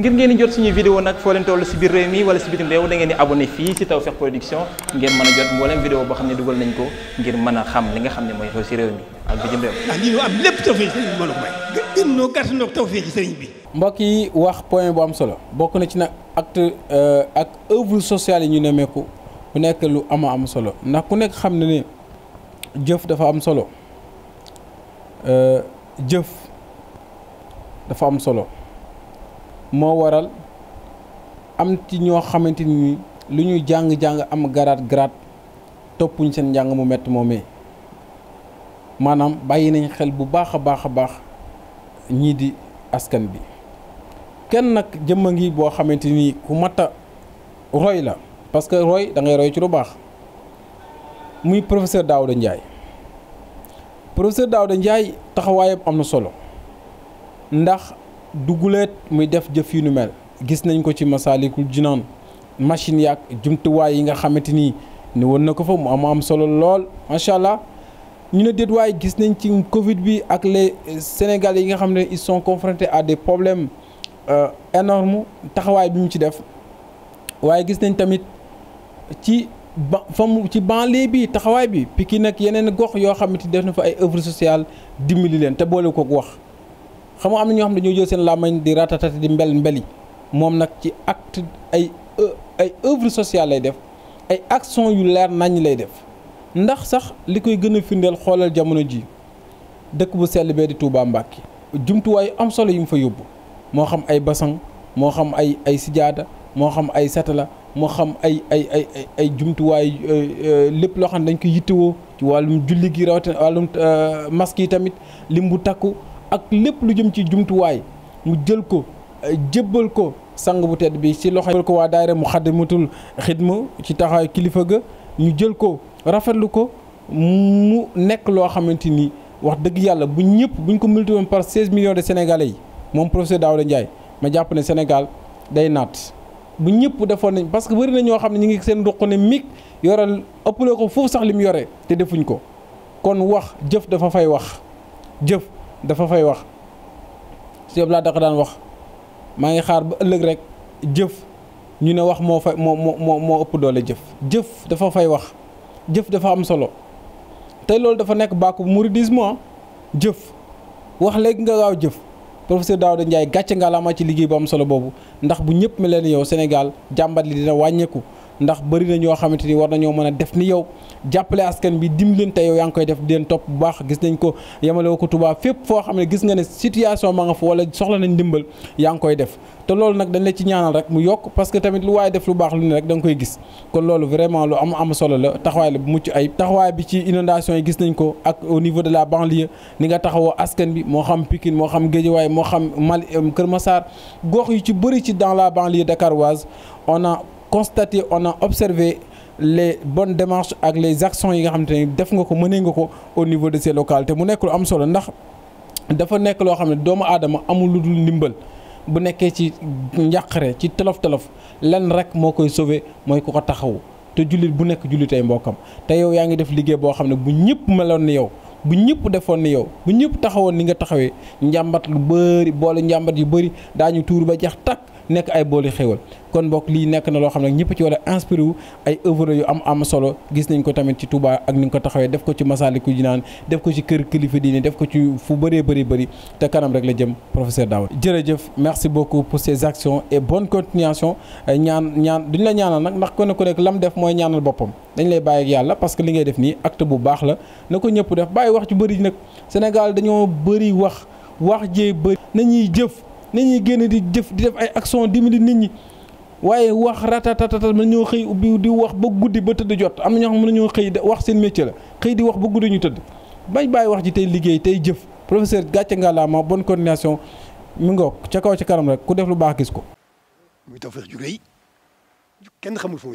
ngir ngeen jot suñu vidéo nag foo leen toll si biir réew mi wala si bitim réew da ngeen di abonné fii si Tawfekh Production ngeen mën a jot mboolem vidéo boo xam ne dugal nañ ko ngir mën a xam li nga xam ne mooy xew si réew mi ak bitim lépp Tawfekh sëriñ bi mën a may. gën noo gàtt noo mbokk yi wax point bu am solo bokk na ci nag euh, ak œuvre sociale yi ñu nemmeeku mu nekk lu am am solo ndax ku nekk xam ne ne jëf dafa am solo euh, jëf dafa am solo moo waral am ci ñoo xamante ni lu ñu jàng-jàng am garaat garaat toppuñ seen njàng mu métti moomee maanaam bàyyi nañ xel bu baax a baax a baax ñii di askan bi kenn nag jëmm a ngi boo xamante ni ku matt a roy la parce que roy da ngay roy ci lu baax muy professeur Daouda Ndiaye professeur njaay Ndiaye taxawaayam am na solo ndax duguleet muy def jëf yu nu mel gis nañ ko ci Masaalikul Jinaan machine yaag jumtuwaay yi nga xamante ni ne woon na ko fa mu am am solo lool macha allah ñu ne déet waaye gis nañ ci Covid bi ak les sénégal yi nga xam ne ils sont confrontés à des problèmes euh, énormes taxawaay bi mu ci def waaye gis nañ tamit ci ba fa mu ci banlieue bi taxawaay bi Pikine nag yeneen gox yoo xamante ni def na fa ay œuvres sociales dimbali leen te boole kook wax. xam nga am na ñoo xam ne dañoo jël seen làmmañ di ratatati di mbel mbeli moom nag ci acte ay ay œuvre lay def ay action yu leer nañ lay def ndax sax li koy gën a firndeel xoolal jamono ji dëkk bu sell bee di Touba Mbacke jumtuwaayu am solo yu mu fa yóbbu moo xam ay basan moo xam ay ay sijaada moo xam ay satala moo xam ay ay ay ay jumtuwaay euh, euh, lépp loo xam ne dañ koy yittewoo ci wàllum julli gi rawatina wàllum euh, mask yi tamit lim bu takku ak lépp lu jëm ci jumtuwaay mu jël ko euh, jébbal ko sang bu tedd bi ci loxo ko waa daayira mu xaddamatul xidma ci taxaw kilifa ga ñu jël ko rafetlu ko mu nekk loo xamante ni wax dëgg yàlla bu ñëpp buñ ko multiplié par 16 millions de sénégalais yi moom professeur Daouda Ndiaye ma jàpp ne Sénégal day naat bu ñëpp defoon nañ parce que bëri na ñoo xam ne ñu ngi seen ruq ne mig yoral ëppale ko foofu sax li mu yore te defuñu ko kon wax jëf dafa fay wax jëf. dafa fay wax si yëpp laa da daan wax maa ngi xaar ba ëllëg rek jëf ñu ne wax moo fay moo moo moo ëpp doole jëf jëf dafa fay wax jëf dafa am solo tey loolu dafa nekk bàkku mouridisme ah. jëf wax léegi nga gaaw jëf professeur Daouda Ndiaye gàcce nga la ma ci liggéey bu am solo boobu ndax bu ñëpp mel leen yow Sénégal jàmbat li dina wàññeeku. ndax bari na ñoo xamante ni war nañoo mën a def ni yow jàppale askan bi dimbalante yow yaa ngi koy def di leen topp bu baax gis nañ ko yemale ko Touba fépp foo xam ne gis nga ne situation ma nga fa wala soxla nañ dimbal yaa ngi koy def te loolu nag dañ la ci ñaanal rek mu yokk parce que tamit lu waaye def lu baax lu ne rek da koy gis kon loolu vraiment lu am am solo la taxawaay la bu mucc ayib taxawaay bi ci inondation yi gis nañ ko ak au niveau de la banlieue ni nga askan bi moo xam Pikine moo xam Guédiawaye moo xam Mal Kër Massar gox yu ci bëri ci dans la banlieue dakaroise on a constaté on a observé les bon démarches ak les actions yi nga xamante ne def nga ko mënee nga ko au niveau de ces localités mu nekk lu am solo ndax dafa nekk loo xam ne doomu aadama amul lu dul ndimbal bu nekkee ci njàqare ci tolof tolof lenn rek moo koy sauver mooy ku ko taxawu te jullit bu nekk jullitay mbokkam te yow yaa ngi def liggéey boo xam ne bu ñëpp meloon ni yow bu ñëpp defoon ni yow bu ñëpp taxawoon ni nga taxawee njàmbat lu bëri boole njàmbat yu bëri daañu tuur ba jeex takk nekk ay booli xéwal kon bokk lii nekk na loo xam ne ñëpp ci war a inspiré wu ay œuvre yu am am solo gis nañ ko tamit ci Touba ak ni nga ko taxawee def ko ci Masaalikul Jinaan def ko ci kër kilifa diine def ko ci fu bëree bëri bëri te kanam rek la jëm professeur Daouda jërëjëf merci beaucoup pour ces actions et bonne continuation ñaan duñ la ñaanal nag ndax ku ko ku nekk lam def mooy ñaanal boppam dañ lay bàyyi ak yàlla parce que li ngay def nii acte bu baax la ne ko ñëpp def bàyyi wax ci bëri nag Sénégal dañoo bëri wax wax jee bëri nañuy jëf nit ñuy génn di jëf di def ay action dimbali nit ñi waaye wax ratatatatat na ñoo xëy ubbi di wax ba guddi ba tëdd jot am na ñoo xam mën ñoo xëy wax seen métier la xëy di wax ba guddi ñu tëdd bañ baay wax ji tey liggéey tey jëf professeur gàcce ngalaama bon coordination mi ngoog ca kaw ca kanam rek ku def lu baax gis ko. muy Tawfekh kenn xamul fu mu